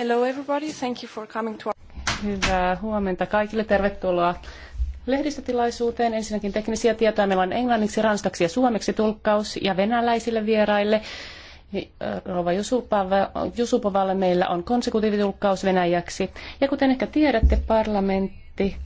Hello everybody, thank you for coming to... Hyvää huomenta kaikille, tervetuloa lehdistötilaisuuteen. Ensinnäkin teknisiä tietoja. Meillä on englanniksi, ranskaksi ja suomeksi tulkkaus ja venäläisille vieraille. Rova Jusupovalle meillä on konsekutiivitulkkaus venäjäksi. Ja kuten ehkä tiedätte, parlamentti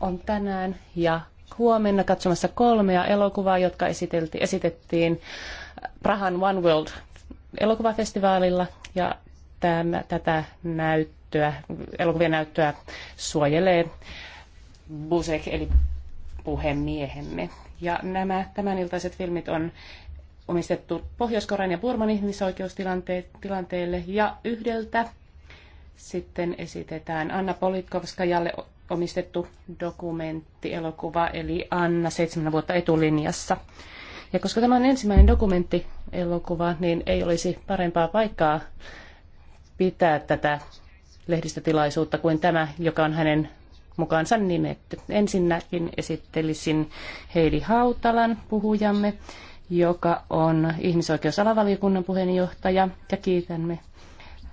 on tänään ja huomenna katsomassa kolmea elokuvaa, jotka esitettiin Prahan One World elokuvafestivaalilla. Ja tämän, tätä näyttöä, elokuvien näyttöä suojelee Busek eli puhemiehemme. Ja nämä tämäniltaiset filmit on omistettu pohjois ja Burman ihmisoikeustilanteelle ja yhdeltä sitten esitetään Anna Politkovskajalle omistettu dokumenttielokuva, eli Anna seitsemän vuotta etulinjassa. Ja koska tämä on ensimmäinen dokumenttielokuva, niin ei olisi parempaa paikkaa pitää tätä lehdistötilaisuutta kuin tämä, joka on hänen mukaansa nimetty. Ensinnäkin esittelisin Heidi Hautalan puhujamme, joka on ihmisoikeusalavaliokunnan puheenjohtaja, ja kiitämme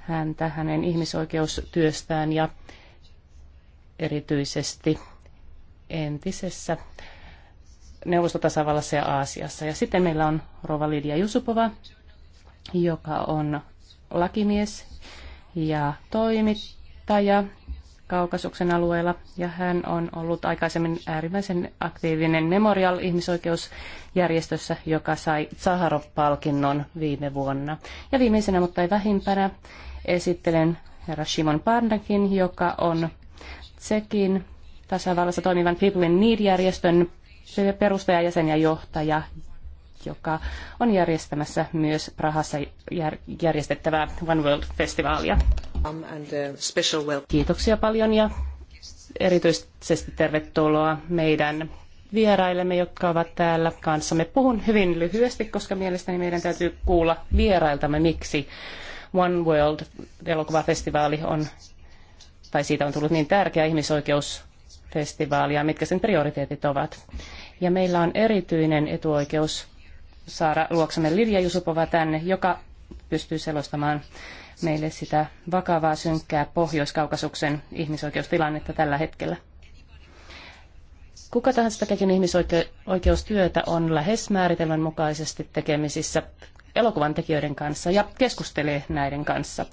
häntä hänen ihmisoikeustyöstään ja erityisesti entisessä neuvostotasavallassa ja Aasiassa. Ja sitten meillä on Rova Lidia Jusupova, joka on lakimies ja toimittaja Kaukasuksen alueella ja hän on ollut aikaisemmin äärimmäisen aktiivinen Memorial ihmisoikeusjärjestössä, joka sai Zaharov-palkinnon viime vuonna. Ja viimeisenä, mutta ei vähimpänä, esittelen herra Shimon Pandakin, joka on Tsekin tasavallassa toimivan People in Need-järjestön perustajajäsen ja johtaja joka on järjestämässä myös Prahassa järjestettävää One World-festivaalia. Um, uh, Kiitoksia paljon ja erityisesti tervetuloa meidän vierailemme, jotka ovat täällä kanssamme. Puhun hyvin lyhyesti, koska mielestäni meidän täytyy kuulla vierailtamme, miksi One World elokuvafestivaali on, tai siitä on tullut niin tärkeä ihmisoikeusfestivaali ja mitkä sen prioriteetit ovat. Ja meillä on erityinen etuoikeus saada luoksemme Livia Jusupova tänne, joka pystyy selostamaan meille sitä vakavaa, synkkää Pohjois-Kaukasuksen ihmisoikeustilannetta tällä hetkellä. Kuka tahansa tekeekin ihmisoikeustyötä on lähes määritelmän mukaisesti tekemisissä elokuvan tekijöiden kanssa ja keskustelee näiden kanssa,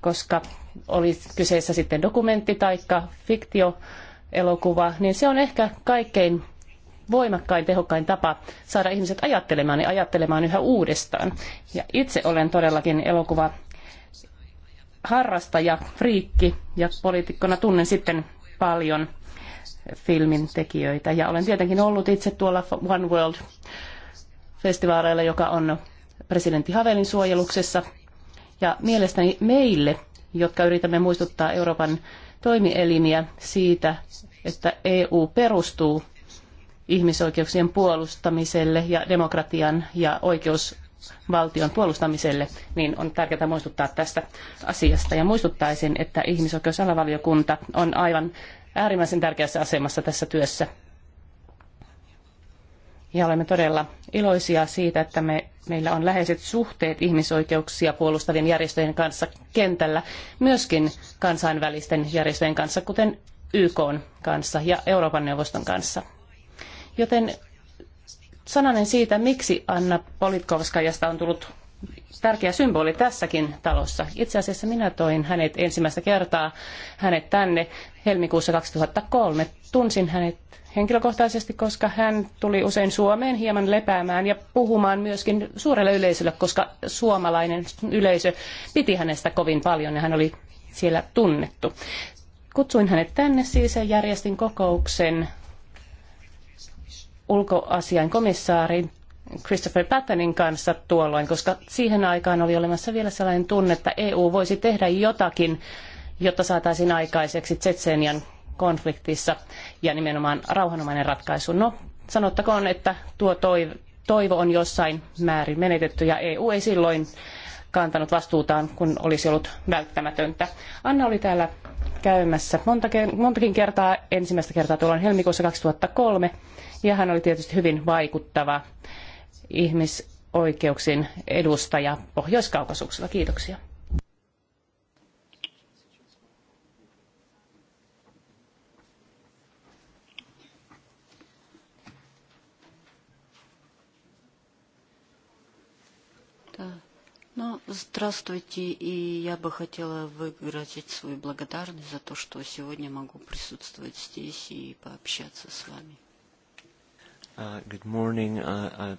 koska oli kyseessä sitten dokumentti tai fiktioelokuva, niin se on ehkä kaikkein voimakkain, tehokkain tapa saada ihmiset ajattelemaan ja ajattelemaan yhä uudestaan. Ja itse olen todellakin elokuva harrastaja, friikki ja poliitikkona tunnen sitten paljon filmin tekijöitä. Ja olen tietenkin ollut itse tuolla One World festivaaleilla, joka on presidentti Havelin suojeluksessa. Ja mielestäni meille, jotka yritämme muistuttaa Euroopan toimielimiä siitä, että EU perustuu ihmisoikeuksien puolustamiselle ja demokratian ja oikeusvaltion puolustamiselle, niin on tärkeää muistuttaa tästä asiasta. Ja muistuttaisin, että ihmisoikeusalavaliokunta on aivan äärimmäisen tärkeässä asemassa tässä työssä. Ja olemme todella iloisia siitä, että me, meillä on läheiset suhteet ihmisoikeuksia puolustavien järjestöjen kanssa kentällä, myöskin kansainvälisten järjestöjen kanssa, kuten YK kanssa ja Euroopan neuvoston kanssa. Joten sananen siitä, miksi Anna Politkovskajasta on tullut tärkeä symboli tässäkin talossa. Itse asiassa minä toin hänet ensimmäistä kertaa hänet tänne helmikuussa 2003. Tunsin hänet henkilökohtaisesti, koska hän tuli usein Suomeen hieman lepäämään ja puhumaan myöskin suurelle yleisölle, koska suomalainen yleisö piti hänestä kovin paljon ja hän oli siellä tunnettu. Kutsuin hänet tänne siis ja järjestin kokouksen ulkoasian komissaari Christopher Pattonin kanssa tuolloin, koska siihen aikaan oli olemassa vielä sellainen tunne, että EU voisi tehdä jotakin, jotta saataisiin aikaiseksi Tsetsenian konfliktissa ja nimenomaan rauhanomainen ratkaisu. No, sanottakoon, että tuo toivo on jossain määrin menetetty ja EU ei silloin kantanut vastuutaan, kun olisi ollut välttämätöntä. Anna oli täällä käymässä montakin kertaa. Ensimmäistä kertaa tuolloin helmikuussa 2003 ja hän oli tietysti hyvin vaikuttava ihmisoikeuksien edustaja Pohjois-Kaukasuksella. Kiitoksia. Здравствуйте, и я бы хотела выразить свою благодарность за то, что сегодня могу присутствовать здесь и пообщаться с вами. Uh,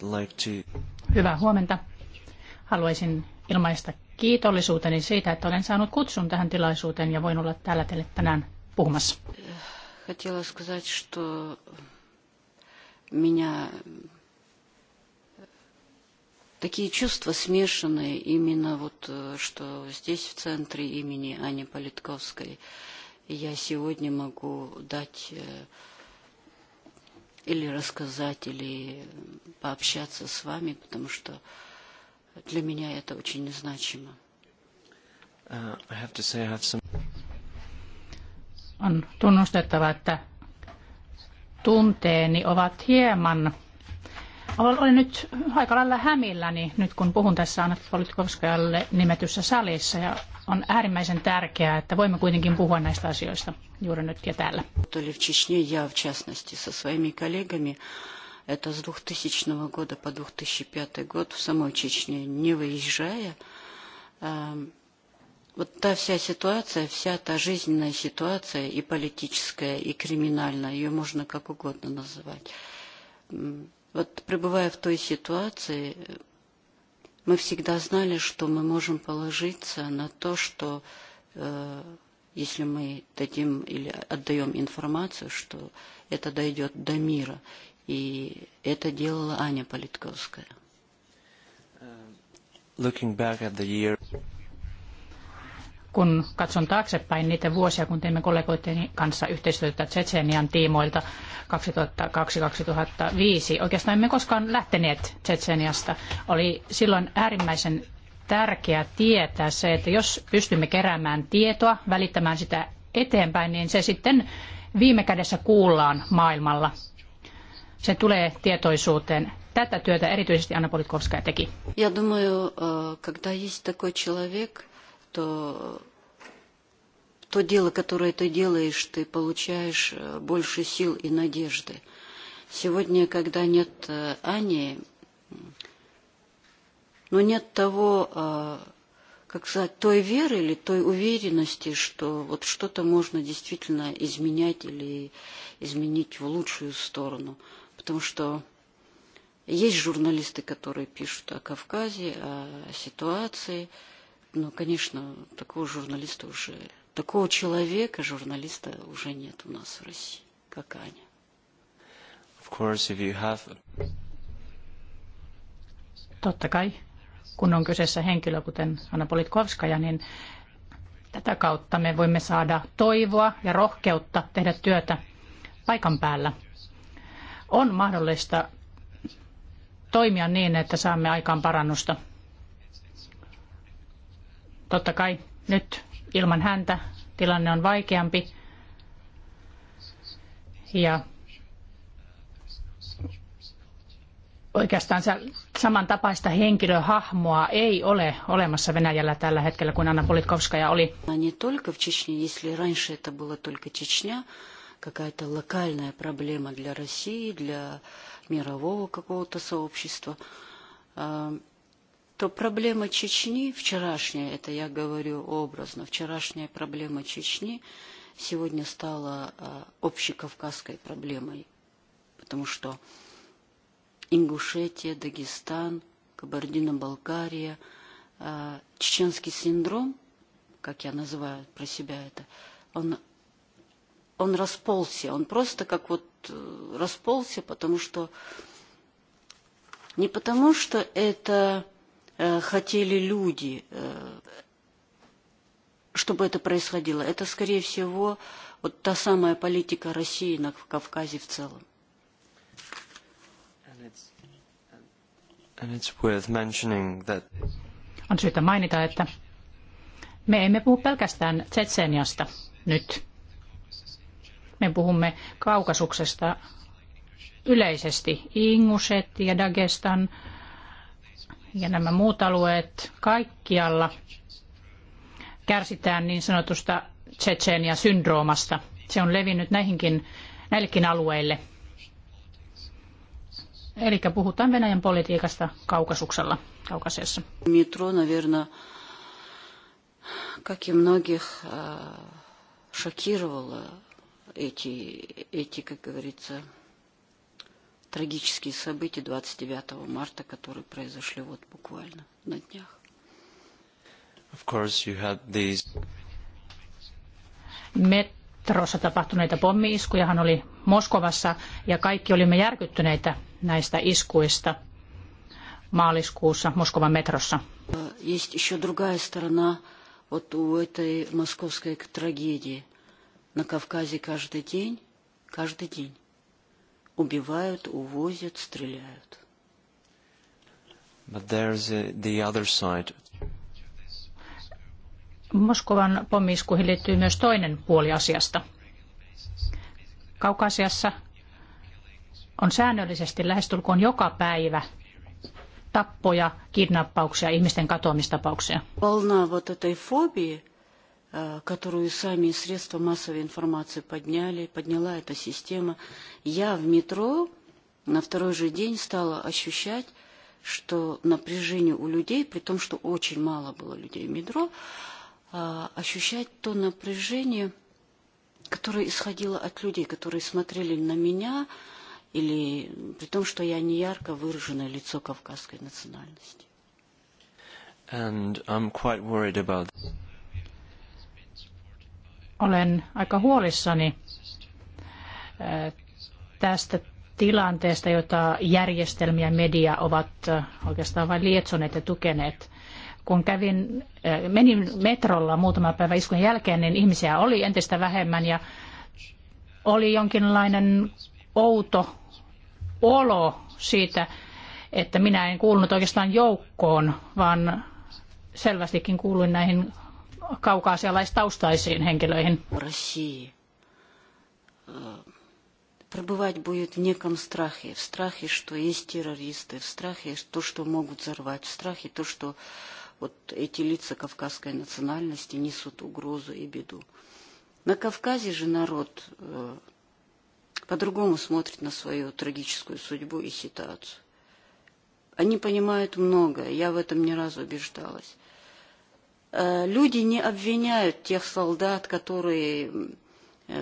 uh, Hyvää huomenta. Haluaisin ilmaista kiitollisuuteni siitä, että olen saanut kutsun tähän tilaisuuteen ja voin olla täällä teille tänään puhumassa. Э, хотела сказать, что меня такие чувства смешанные именно вот, что здесь в центре имени Ани Политковской я сегодня могу дать или рассказать, или пообщаться с вами, потому что для меня это очень значимо. Uh, I have to say I have some... On tunnustettava, että tunteeni ovat hieman olen nyt aika lailla hämilläni nyt kun puhun tässä Anna Politkovskajalle nimetyssä salissa ja on äärimmäisen tärkeää, että voimme kuitenkin puhua näistä asioista juuri nyt ja täällä. в частности со своими коллегами, это с 2000 года по 2005 год в самой Чечне, не выезжая, э, вот та вся ситуация, вся та жизненная ситуация и политическая, и криминальная, ее можно как угодно называть Вот пребывая в той ситуации, мы всегда знали, что мы можем положиться на то, что э, если мы дадим или отдаем информацию, что это дойдет до мира. И это делала Аня Политковская. Looking back at the year kun katson taaksepäin niitä vuosia, kun teimme kollegoiden kanssa yhteistyötä Tsetsenian tiimoilta 2002-2005. Oikeastaan emme koskaan lähteneet Tsetseniasta. Oli silloin äärimmäisen tärkeää tietää se, että jos pystymme keräämään tietoa, välittämään sitä eteenpäin, niin se sitten viime kädessä kuullaan maailmalla. Se tulee tietoisuuteen tätä työtä erityisesti Anna Politkovskaja teki. Я думаю, э, когда есть такой человек, что то дело, которое ты делаешь, ты получаешь больше сил и надежды. Сегодня, когда нет Ани, но нет того, как сказать, той веры или той уверенности, что вот что-то можно действительно изменять или изменить в лучшую сторону. Потому что есть журналисты, которые пишут о Кавказе, о ситуации, ну, конечно, такого журналиста уже, такого человека, журналиста уже нет у нас в России, как Аня. Of course, if you have... Totta kai, kun on kyseessä henkilö, kuten Anna Politkovskaja, niin tätä kautta me voimme saada toivoa ja rohkeutta tehdä työtä paikan päällä. On mahdollista toimia niin, että saamme aikaan parannusta Totta kai nyt ilman häntä tilanne on vaikeampi. Ja oikeastaan samantapaista henkilöhahmoa ei ole olemassa Venäjällä tällä hetkellä kuin Anna Politkovskaja oli. какая-то локальная проблема для России, для мирового какого-то сообщества. Э, то проблема Чечни, вчерашняя, это я говорю образно, вчерашняя проблема Чечни сегодня стала общекавказской проблемой, потому что Ингушетия, Дагестан, Кабардино-Балкария, чеченский синдром, как я называю про себя это, он, он расползся, он просто как вот расползся, потому что не потому что это Э, хотели люди, э, чтобы это происходило. Это, скорее всего, вот та самая политика России на Кавказе в целом. On syytä mainita, että me emme puhu pelkästään Tsetseniasta nyt. Me puhumme Kaukasuksesta yleisesti. Inguset ja Dagestan, ja nämä muut alueet kaikkialla kärsitään niin sanotusta Tsetsenia syndroomasta. Se on levinnyt näihinkin, näillekin alueille. Eli puhutaan Venäjän politiikasta Kaukasuksella, kaukaseessa. Metro, наверное, как и многих, э, шокировало эти, эти, как говорится, трагические события 29 марта, которые произошли вот буквально на днях. Of course you had these... Metrossa tapahtuneita pommi-iskujahan oli Moskovassa ja kaikki olimme järkyttyneitä näistä iskuista maaliskuussa Moskovan metrossa. Есть еще другая сторона вот у этой московской трагедии. На Кавказе каждый день, каждый день убивают, увозят, стреляют. But there's the other side. Moskovan pommiiskuihin liittyy myös toinen puoli asiasta. Kaukasiassa on säännöllisesti lähestulkoon joka päivä tappoja, kidnappauksia, ihmisten katoamistapauksia. Волна вот этой фобии – которую сами средства массовой информации подняли, подняла эта система. Я в метро на второй же день стала ощущать, что напряжение у людей, при том, что очень мало было людей в метро, ощущать то напряжение, которое исходило от людей, которые смотрели на меня, или при том, что я не ярко выраженное лицо кавказской национальности. And I'm quite worried about this. Olen aika huolissani eh, tästä tilanteesta, jota järjestelmiä media ovat eh, oikeastaan vain lietsoneet ja tukeneet. Kun kävin, eh, menin metrolla muutama päivä iskun jälkeen, niin ihmisiä oli entistä vähemmän ja oli jonkinlainen outo olo siitä, että minä en kuulunut oikeastaan joukkoon, vaan selvästikin kuuluin näihin kaukaasialaistaustaisiin henkilöihin. Пребывать будет в неком страхе, в страхе, что есть террористы, в страхе то, что могут взорвать, в страхе то, что вот эти лица кавказской национальности несут угрозу и беду. На Кавказе же народ по-другому смотрит на свою трагическую судьбу и ситуацию. Они понимают многое, я в этом не раз убеждалась люди не обвиняют тех солдат, которые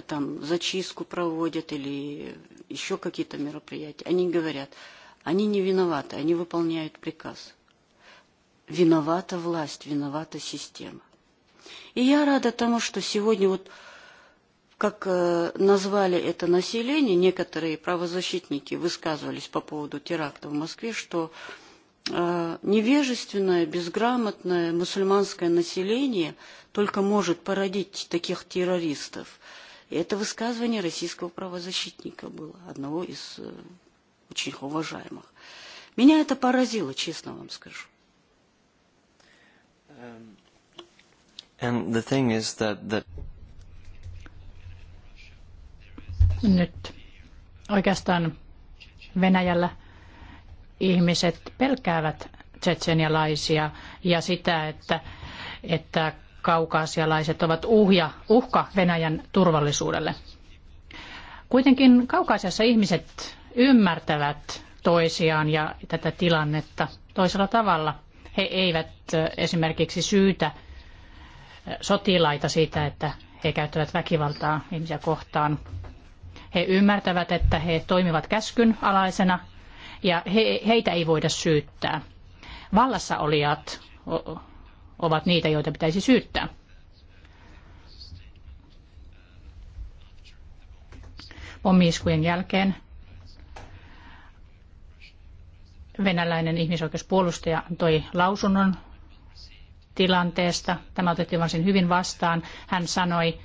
там зачистку проводят или еще какие-то мероприятия. Они говорят, они не виноваты, они выполняют приказ. Виновата власть, виновата система. И я рада тому, что сегодня вот как назвали это население, некоторые правозащитники высказывались по поводу теракта в Москве, что э, невежественное, безграмотное мусульманское население только может породить таких террористов. И это высказывание российского правозащитника было, одного из очень уважаемых. Меня это поразило, честно вам скажу. and the thing is that, that... Nyt oikeastaan Venäjällä ihmiset pelkäävät tsetsenialaisia ja sitä, että, että kaukaasialaiset ovat uhja, uhka Venäjän turvallisuudelle. Kuitenkin kaukaisessa ihmiset ymmärtävät toisiaan ja tätä tilannetta toisella tavalla. He eivät esimerkiksi syytä sotilaita siitä, että he käyttävät väkivaltaa ihmisiä kohtaan. He ymmärtävät, että he toimivat käskyn alaisena ja he, heitä ei voida syyttää. Vallassa olijat ovat niitä, joita pitäisi syyttää. Pommiiskujen jälkeen venäläinen ihmisoikeuspuolustaja antoi lausunnon tilanteesta. Tämä otettiin varsin hyvin vastaan. Hän sanoi,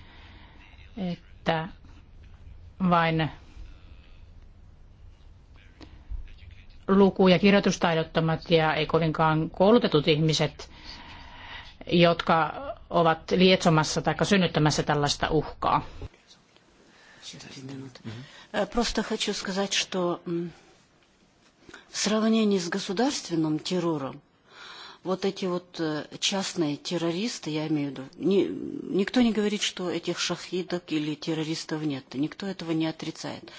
että vain luku- ja kirjoitustaidottomat ja ei kovinkaan koulutetut ihmiset, jotka ovat lietsomassa tai synnyttämässä tällaista uhkaa. Просто хочу сказать, что в сравнении с государственным террором вот эти вот частные террористы, я имею в виду, ни, никто не говорит, что этих шахидок или террористов нет, никто этого не отрицает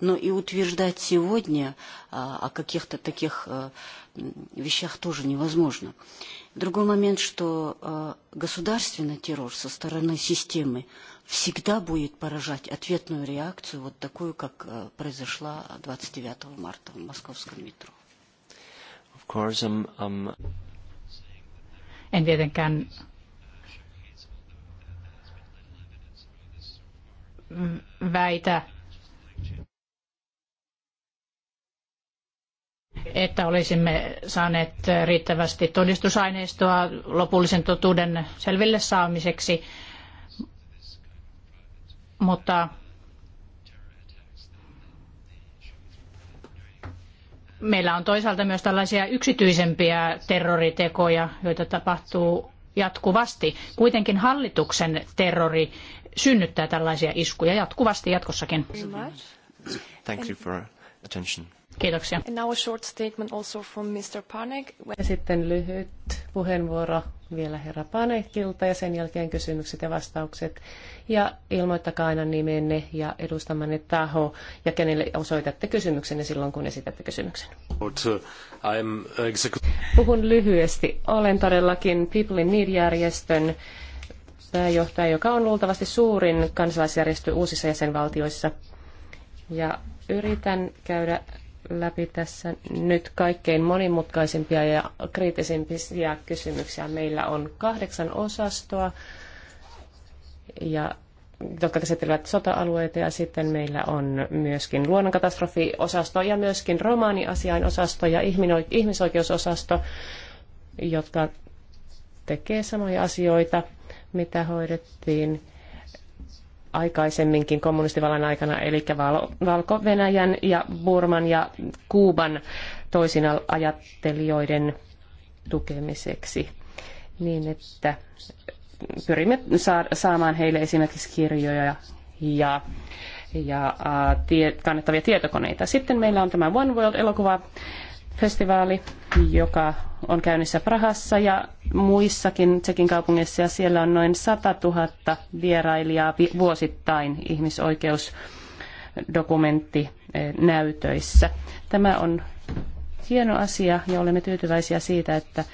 но и утверждать сегодня о каких-то таких вещах тоже невозможно. Другой момент, что государственный террор со стороны системы всегда будет поражать ответную реакцию, вот такую, как произошла 29 марта в московском метро. Of course, um, um... En tietenkään väitä, että olisimme saaneet riittävästi todistusaineistoa lopullisen totuuden selville saamiseksi. Mutta meillä on toisaalta myös tällaisia yksityisempiä terroritekoja, joita tapahtuu jatkuvasti. Kuitenkin hallituksen terrori synnyttää tällaisia iskuja jatkuvasti jatkossakin. Thank you for attention. Kiitoksia. And now a short statement also from Mr. Panek. Ja sitten lyhyt puheenvuoro vielä herra Panekilta ja sen jälkeen kysymykset ja vastaukset. Ja ilmoittakaa aina nimenne ja edustamanne taho ja kenelle osoitatte kysymyksenne silloin, kun esitätte kysymyksen. Puhun lyhyesti. Olen todellakin People in Need-järjestön pääjohtaja, joka on luultavasti suurin kansalaisjärjestö uusissa jäsenvaltioissa. Ja yritän käydä läpi tässä nyt kaikkein monimutkaisimpia ja kriittisimpiä kysymyksiä. Meillä on kahdeksan osastoa, ja, jotka käsittelevät sota-alueita ja sitten meillä on myöskin luonnonkatastrofiosasto ja myöskin romaaniasiainosasto ja ihmisoikeusosasto, jotka tekee samoja asioita, mitä hoidettiin aikaisemminkin kommunistivallan aikana, eli Valko-Venäjän ja Burman ja Kuuban toisina ajattelijoiden tukemiseksi niin, että pyrimme saamaan heille esimerkiksi kirjoja ja, ja tie, kannettavia tietokoneita. Sitten meillä on tämä One World-elokuva festivaali, joka on käynnissä Prahassa ja muissakin Tsekin kaupungeissa ja siellä on noin 100 000 vierailijaa vuosittain ihmisoikeusdokumenttinäytöissä. Eh, Tämä on hieno asia ja olemme tyytyväisiä siitä, että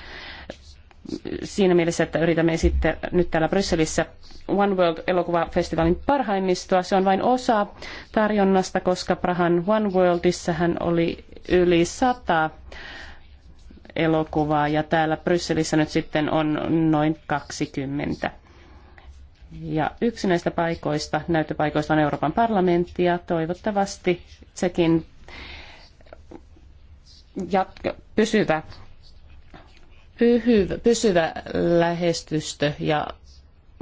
siinä mielessä, että yritämme esittää nyt täällä Brysselissä One World-elokuvafestivaalin parhaimmistoa. Se on vain osa tarjonnasta, koska Prahan One Worldissahan oli yli sata elokuvaa ja täällä Brysselissä nyt sitten on noin 20. Ja yksi näistä paikoista, näyttöpaikoista on Euroopan parlamentti ja toivottavasti sekin jatka, pysyvä pysyvä lähestystö ja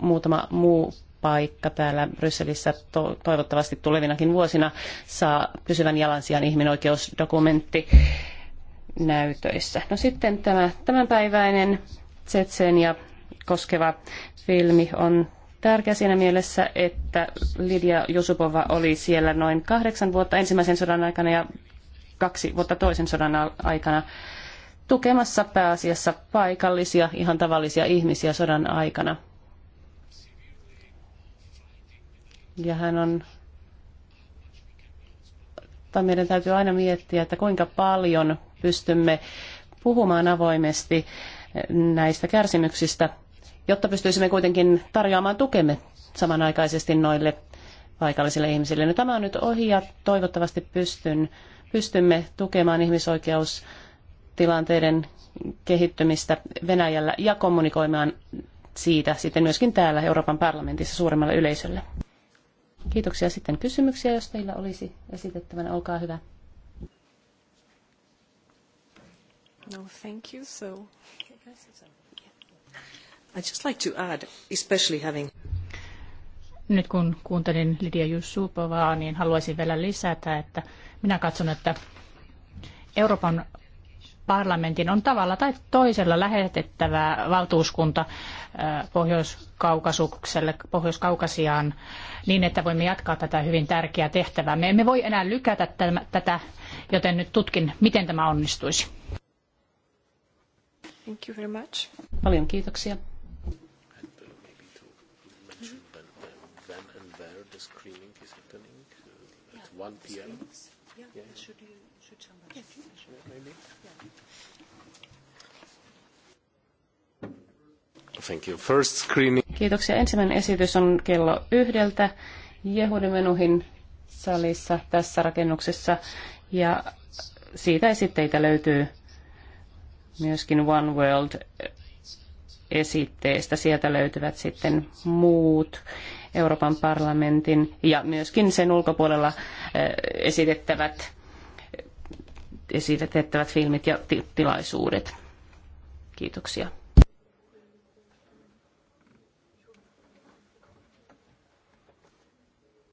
muutama muu paikka täällä Brysselissä to, toivottavasti tulevinakin vuosina saa pysyvän jalansijan ihminoikeusdokumentti näytöissä. No sitten tämä tämänpäiväinen ja koskeva filmi on tärkeä siinä mielessä, että Lidia Jusupova oli siellä noin kahdeksan vuotta ensimmäisen sodan aikana ja kaksi vuotta toisen sodan aikana tukemassa pääasiassa paikallisia, ihan tavallisia ihmisiä sodan aikana. Ja hän on, tai meidän täytyy aina miettiä, että kuinka paljon pystymme puhumaan avoimesti näistä kärsimyksistä, jotta pystyisimme kuitenkin tarjoamaan tukemme samanaikaisesti noille paikallisille ihmisille. No, tämä on nyt ohi ja toivottavasti pystyn, pystymme tukemaan ihmisoikeus tilanteiden kehittymistä Venäjällä ja kommunikoimaan siitä sitten myöskin täällä Euroopan parlamentissa suuremmalle yleisölle. Kiitoksia sitten kysymyksiä, jos teillä olisi esitettävänä. Olkaa hyvä. No, thank you. So, I just like to add, especially having... Nyt kun kuuntelin Lidia Jussupovaa, niin haluaisin vielä lisätä, että minä katson, että Euroopan parlamentin on tavalla tai toisella lähetettävä valtuuskunta Pohjois-Kaukasukselle, Pohjois-Kaukasiaan niin, että voimme jatkaa tätä hyvin tärkeää tehtävää. Me emme voi enää lykätä tätä, joten nyt tutkin, miten tämä onnistuisi. Thank you very much. Paljon kiitoksia. Thank you. First screening. Kiitoksia. Ensimmäinen esitys on kello yhdeltä Jehudimenuhin salissa tässä rakennuksessa. Ja siitä esitteitä löytyy myöskin One World esitteestä. Sieltä löytyvät sitten muut Euroopan parlamentin ja myöskin sen ulkopuolella eh, esitettävät esille tehtävät filmit ja tilaisuudet. Kiitoksia.